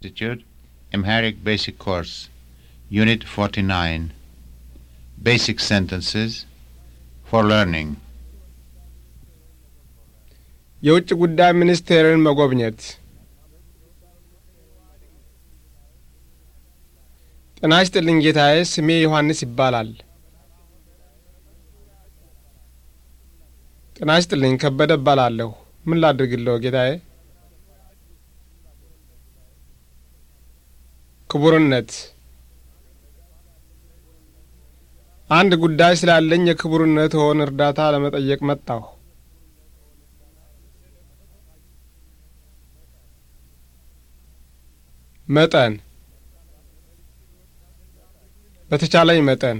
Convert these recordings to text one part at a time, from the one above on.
Institute, Amharic Basic Course, Unit 49, Basic Sentences for Learning. የውጭ ጉዳይ ሚኒስቴርን መጎብኘት። ጤና ይስጥልኝ ጌታዬ፣ ስሜ ዮሐንስ ይባላል። ጤና ይስጥልኝ ከበደ እባላለሁ። ምን ላድርግለው ጌታዬ? ክቡርነት አንድ ጉዳይ ስላለኝ የክቡርነት ሆን እርዳታ ለመጠየቅ መጣሁ። መጠን በተቻለኝ መጠን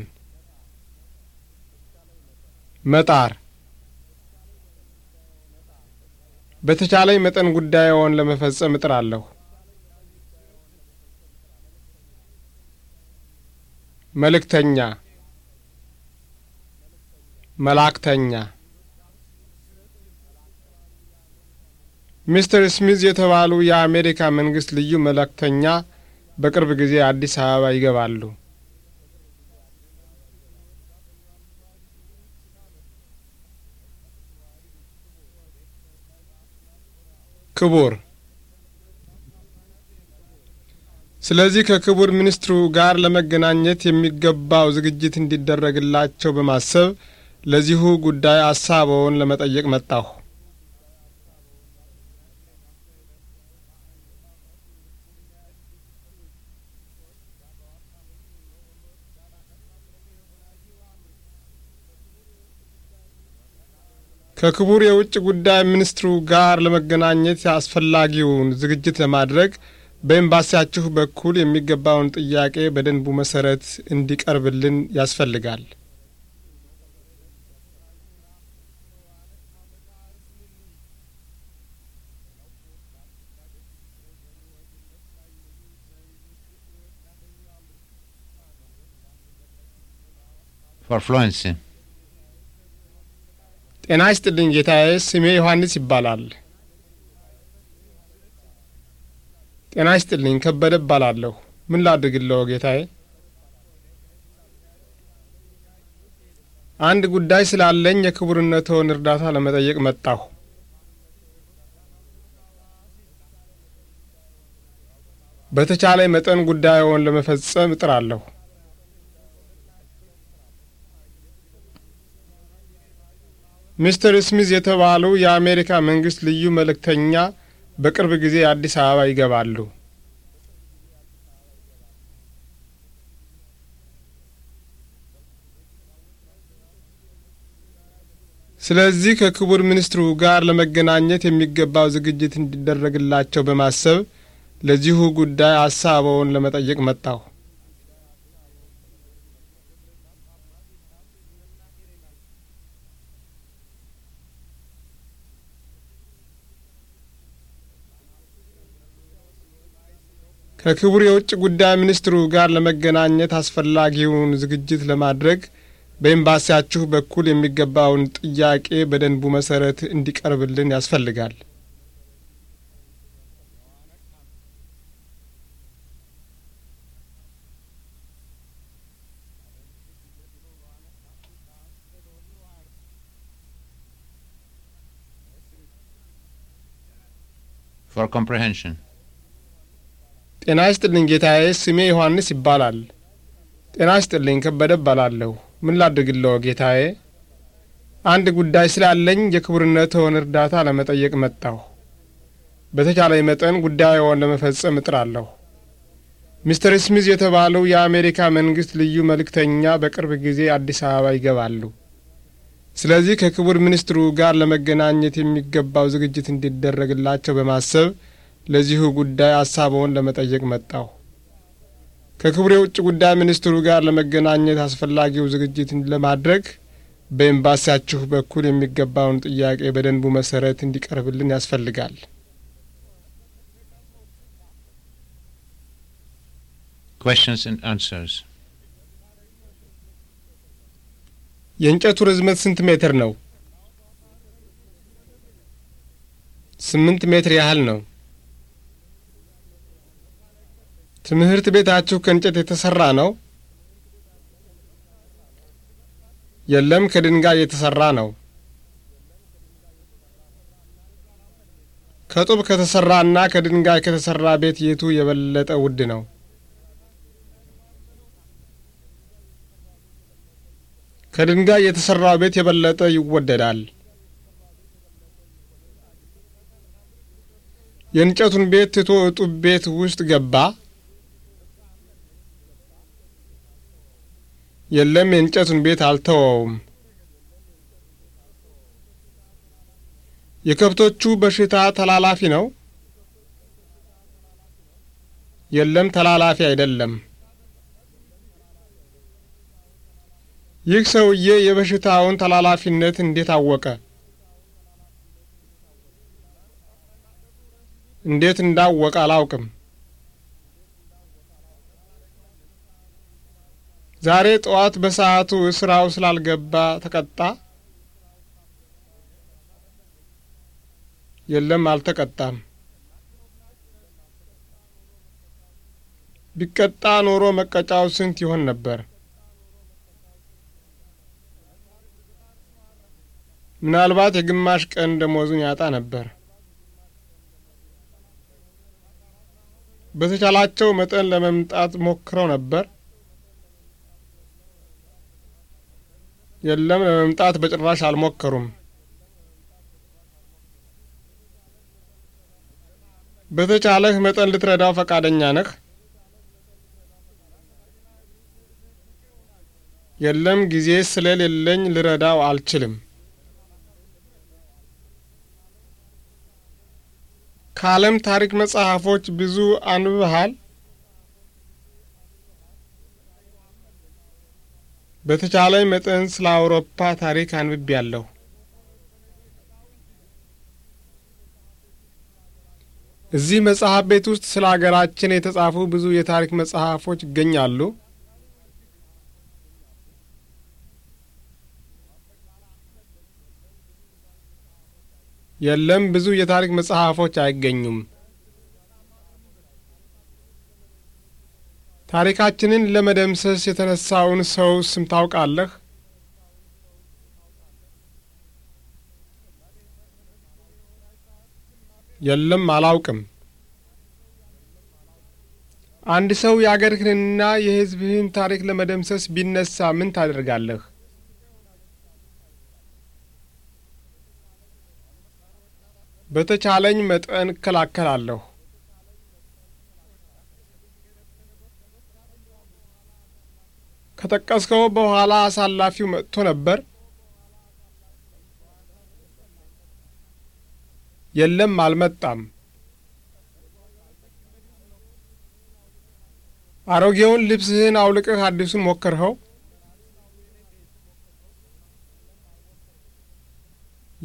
መጣር በተቻለኝ መጠን ጉዳይዎን ለመፈጸም እጥራለሁ። መልእክተኛ መላእክተኛ ሚስተር ስሚዝ የተባሉ የአሜሪካ መንግስት ልዩ መልእክተኛ በቅርብ ጊዜ አዲስ አበባ ይገባሉ። ክቡር ስለዚህ ከክቡር ሚኒስትሩ ጋር ለመገናኘት የሚገባው ዝግጅት እንዲደረግላቸው በማሰብ ለዚሁ ጉዳይ አሳበውን ለመጠየቅ መጣሁ። ከክቡር የውጭ ጉዳይ ሚኒስትሩ ጋር ለመገናኘት አስፈላጊውን ዝግጅት ለማድረግ በኤምባሲያችሁ በኩል የሚገባውን ጥያቄ በደንቡ መሰረት እንዲቀርብልን ያስፈልጋል። ጤና ይስጥልኝ ጌታዬ። ስሜ ዮሐንስ ይባላል። ጤና ይስጥልኝ ከበደ እባላለሁ። ምን ላድርግልዎ ጌታዬ? አንድ ጉዳይ ስላለኝ የክቡርነትዎን እርዳታ ለመጠየቅ መጣሁ። በተቻለ መጠን ጉዳዩን ለመፈጸም እጥራለሁ። ሚስተር ስሚዝ የተባሉ የአሜሪካ መንግሥት ልዩ መልእክተኛ በቅርብ ጊዜ አዲስ አበባ ይገባሉ። ስለዚህ ከክቡር ሚኒስትሩ ጋር ለመገናኘት የሚገባው ዝግጅት እንዲደረግላቸው በማሰብ ለዚሁ ጉዳይ ሀሳብዎን ለመጠየቅ መጣሁ። ከክቡር የውጭ ጉዳይ ሚኒስትሩ ጋር ለመገናኘት አስፈላጊውን ዝግጅት ለማድረግ በኤምባሲያችሁ በኩል የሚገባውን ጥያቄ በደንቡ መሰረት እንዲቀርብልን ያስፈልጋል። For comprehension. ጤና ይስጥልኝ ጌታዬ፣ ስሜ ዮሐንስ ይባላል። ጤና ይስጥልኝ ከበደ እባላለሁ። ምን ላድርግልዎ ጌታዬ? አንድ ጉዳይ ስላለኝ የክቡርነትዎን እርዳታ ለመጠየቅ መጣሁ። በተቻለ መጠን ጉዳይዎን ለመፈጸም እጥራለሁ። ሚስተር ስሚዝ የተባለው የአሜሪካ መንግሥት ልዩ መልእክተኛ በቅርብ ጊዜ አዲስ አበባ ይገባሉ። ስለዚህ ከክቡር ሚኒስትሩ ጋር ለመገናኘት የሚገባው ዝግጅት እንዲደረግላቸው በማሰብ ለዚሁ ጉዳይ አሳበውን ለመጠየቅ መጣሁ። ከክቡር የውጭ ጉዳይ ሚኒስትሩ ጋር ለመገናኘት አስፈላጊው ዝግጅት ለማድረግ በኤምባሲያችሁ በኩል የሚገባውን ጥያቄ በደንቡ መሰረት እንዲቀርብልን ያስፈልጋል። የእንጨቱ ርዝመት ስንት ሜትር ነው? ስምንት ሜትር ያህል ነው። ትምህርት ቤታችሁ ከእንጨት የተሰራ ነው? የለም፣ ከድንጋይ የተሰራ ነው። ከጡብ ከተሰራ እና ከድንጋይ ከተሰራ ቤት የቱ የበለጠ ውድ ነው? ከድንጋይ የተሰራው ቤት የበለጠ ይወደዳል። የእንጨቱን ቤት ትቶ እጡብ ቤት ውስጥ ገባ። የለም የእንጨቱን ቤት አልተወውም። የከብቶቹ በሽታ ተላላፊ ነው? የለም ተላላፊ አይደለም። ይህ ሰውዬ የበሽታውን ተላላፊነት እንዴት አወቀ? እንዴት እንዳወቀ አላውቅም። ዛሬ ጠዋት በሰዓቱ ስራው ስላልገባ ተቀጣ? የለም፣ አልተቀጣም። ቢቀጣ ኖሮ መቀጫው ስንት ይሆን ነበር? ምናልባት የግማሽ ቀን ደሞዙን ያጣ ነበር። በተቻላቸው መጠን ለመምጣት ሞክረው ነበር? የለም ለመምጣት በጭራሽ አልሞከሩም። በተቻለህ መጠን ልትረዳው ፈቃደኛ ነህ? የለም ጊዜ ስለሌለኝ ልረዳው አልችልም። ከዓለም ታሪክ መጽሐፎች ብዙ አንብበሃል? በተቻለኝ መጠን ስለ አውሮፓ ታሪክ ያለሁ። እዚህ መጽሐፍ ቤት ውስጥ ስለ አገራችን የተጻፉ ብዙ የታሪክ መጽሐፎች ይገኛሉ። የለም፣ ብዙ የታሪክ መጽሐፎች አይገኙም። ታሪካችንን ለመደምሰስ የተነሳውን ሰው ስም ታውቃለህ? የለም፣ አላውቅም። አንድ ሰው የአገርህንና የሕዝብህን ታሪክ ለመደምሰስ ቢነሳ ምን ታደርጋለህ? በተቻለኝ መጠን እከላከላለሁ። ከጠቀስከው በኋላ አሳላፊው መጥቶ ነበር? የለም፣ አልመጣም። አሮጌውን ልብስህን አውልቀህ አዲሱን ሞከርኸው?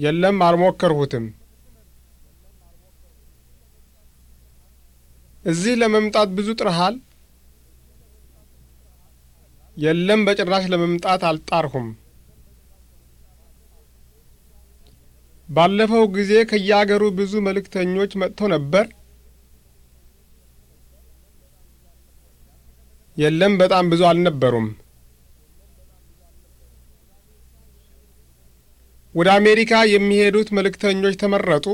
የለም፣ አልሞከርሁትም። እዚህ ለመምጣት ብዙ ጥረሃል? የለም፣ በጭራሽ ለመምጣት አልጣርሁም። ባለፈው ጊዜ ከየአገሩ ብዙ መልእክተኞች መጥተው ነበር? የለም፣ በጣም ብዙ አልነበሩም። ወደ አሜሪካ የሚሄዱት መልእክተኞች ተመረጡ?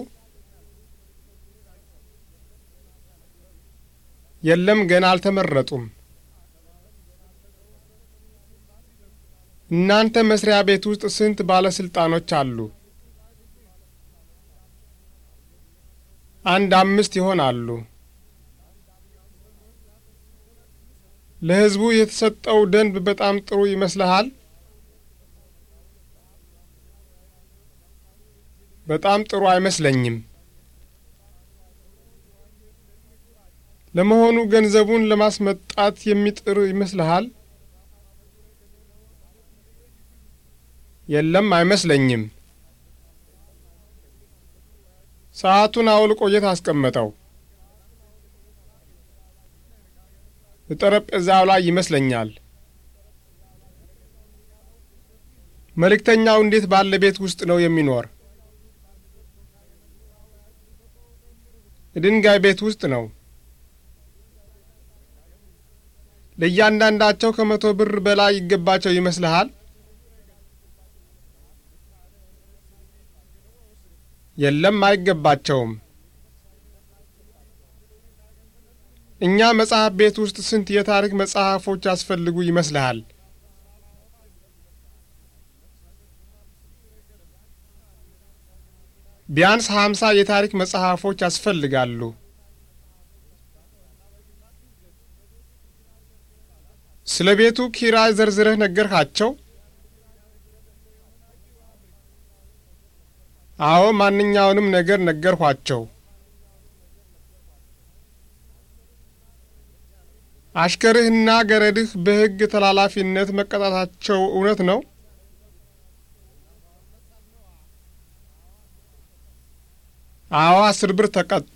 የለም፣ ገና አልተመረጡም። እናንተ መስሪያ ቤት ውስጥ ስንት ባለስልጣኖች አሉ? አንድ አምስት ይሆናሉ። ለሕዝቡ የተሰጠው ደንብ በጣም ጥሩ ይመስልሃል? በጣም ጥሩ አይመስለኝም። ለመሆኑ ገንዘቡን ለማስመጣት የሚጥር ይመስልሃል? የለም አይመስለኝም። ሰዓቱን አውልቆ የት አስቀመጠው? ጠረጴዛው ላይ ይመስለኛል። መልእክተኛው እንዴት ባለ ቤት ውስጥ ነው የሚኖር? ድንጋይ ቤት ውስጥ ነው። ለእያንዳንዳቸው ከመቶ ብር በላይ ይገባቸው ይመስልሃል? የለም አይገባቸውም። እኛ መጽሐፍ ቤት ውስጥ ስንት የታሪክ መጽሐፎች ያስፈልጉ ይመስልሃል? ቢያንስ ሀምሳ የታሪክ መጽሐፎች ያስፈልጋሉ። ስለ ቤቱ ኪራይ ዘርዝረህ ነገርካቸው? አዎ ማንኛውንም ነገር ነገርኋቸው። አሽከርህና ገረድህ በሕግ ተላላፊነት መቀጣታቸው እውነት ነው? አዎ አስር ብር ተቀጡ።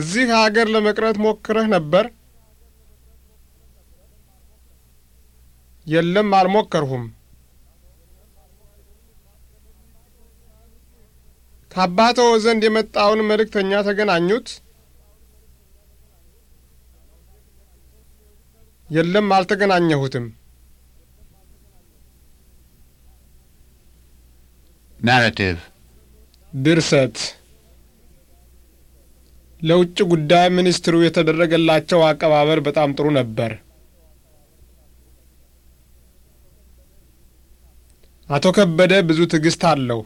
እዚህ አገር ለመቅረት ሞክረህ ነበር? የለም፣ አልሞከርሁም። ታባተው ዘንድ የመጣውን መልእክተኛ ተገናኙት? የለም፣ አልተገናኘሁትም። ናራቲቭ ድርሰት ለውጭ ጉዳይ ሚኒስትሩ የተደረገላቸው አቀባበል በጣም ጥሩ ነበር። አቶ ከበደ ብዙ ትዕግስት አለው።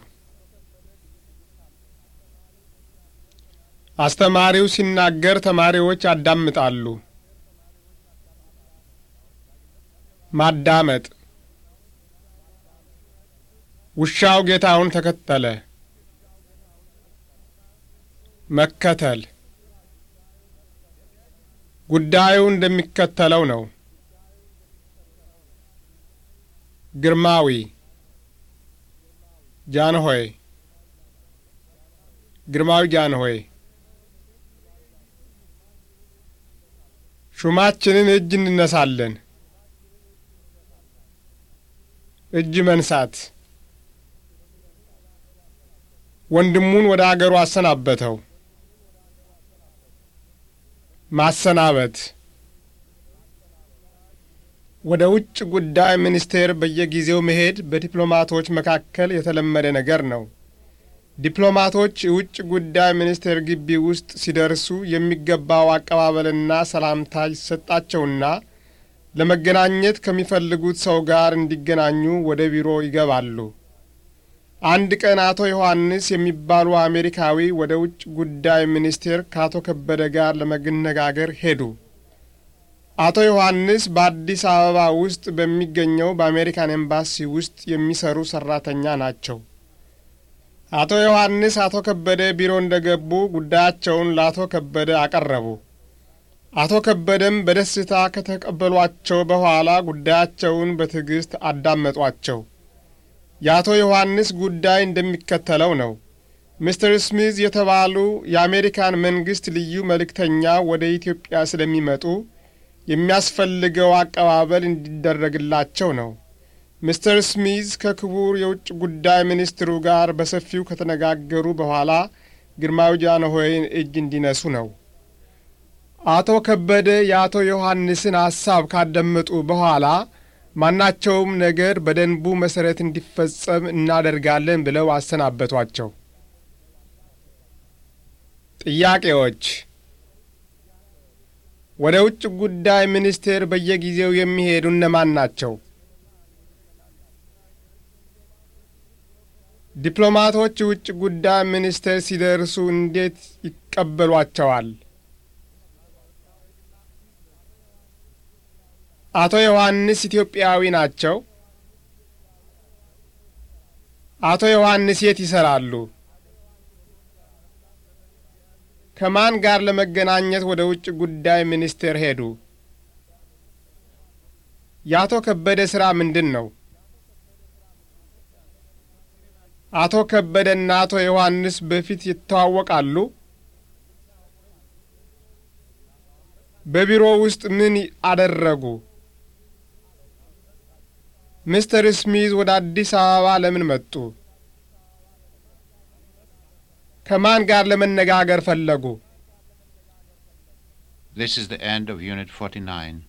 አስተማሪው ሲናገር ተማሪዎች ያዳምጣሉ። ማዳመጥ። ውሻው ጌታውን ተከተለ። መከተል። ጉዳዩ እንደሚከተለው ነው። ግርማዊ ጃንሆይ ግርማዊ ጃንሆይ ሹማችንን እጅ እንነሳለን። እጅ መንሳት ወንድሙን ወደ አገሩ አሰናበተው። ማሰናበት ወደ ውጭ ጉዳይ ሚኒስቴር በየጊዜው መሄድ በዲፕሎማቶች መካከል የተለመደ ነገር ነው። ዲፕሎማቶች የውጭ ጉዳይ ሚኒስቴር ግቢ ውስጥ ሲደርሱ የሚገባው አቀባበልና ሰላምታ ይሰጣቸውና ለመገናኘት ከሚፈልጉት ሰው ጋር እንዲገናኙ ወደ ቢሮ ይገባሉ። አንድ ቀን አቶ ዮሐንስ የሚባሉ አሜሪካዊ ወደ ውጭ ጉዳይ ሚኒስቴር ከአቶ ከበደ ጋር ለመነጋገር ሄዱ። አቶ ዮሐንስ በአዲስ አበባ ውስጥ በሚገኘው በአሜሪካን ኤምባሲ ውስጥ የሚሰሩ ሰራተኛ ናቸው። አቶ ዮሐንስ አቶ ከበደ ቢሮ እንደገቡ ጉዳያቸውን ለአቶ ከበደ አቀረቡ። አቶ ከበደም በደስታ ከተቀበሏቸው በኋላ ጉዳያቸውን በትዕግሥት አዳመጧቸው። የአቶ ዮሐንስ ጉዳይ እንደሚከተለው ነው። ሚስተር ስሚዝ የተባሉ የአሜሪካን መንግሥት ልዩ መልእክተኛ ወደ ኢትዮጵያ ስለሚመጡ የሚያስፈልገው አቀባበል እንዲደረግላቸው ነው። ሚስተር ስሚዝ ከክቡር የውጭ ጉዳይ ሚኒስትሩ ጋር በሰፊው ከተነጋገሩ በኋላ ግርማዊ ጃንሆይን እጅ እንዲነሱ ነው። አቶ ከበደ የአቶ ዮሐንስን ሐሳብ ካደመጡ በኋላ ማናቸውም ነገር በደንቡ መሠረት እንዲፈጸም እናደርጋለን ብለው አሰናበቷቸው። ጥያቄዎች ወደ ውጭ ጉዳይ ሚኒስቴር በየጊዜው የሚሄዱ እነማን ናቸው? ዲፕሎማቶች ውጭ ጉዳይ ሚኒስቴር ሲደርሱ እንዴት ይቀበሏቸዋል? አቶ ዮሐንስ ኢትዮጵያዊ ናቸው? አቶ ዮሐንስ የት ይሰራሉ። ከማን ጋር ለመገናኘት ወደ ውጭ ጉዳይ ሚኒስቴር ሄዱ? የአቶ ከበደ ሥራ ምንድን ነው? አቶ ከበደና አቶ ዮሐንስ በፊት ይተዋወቃሉ? በቢሮ ውስጥ ምን አደረጉ? ምስተር ስሚዝ ወደ አዲስ አበባ ለምን መጡ? ከማን ጋር ለመነጋገር ፈለጉ? This is the end of Unit 49.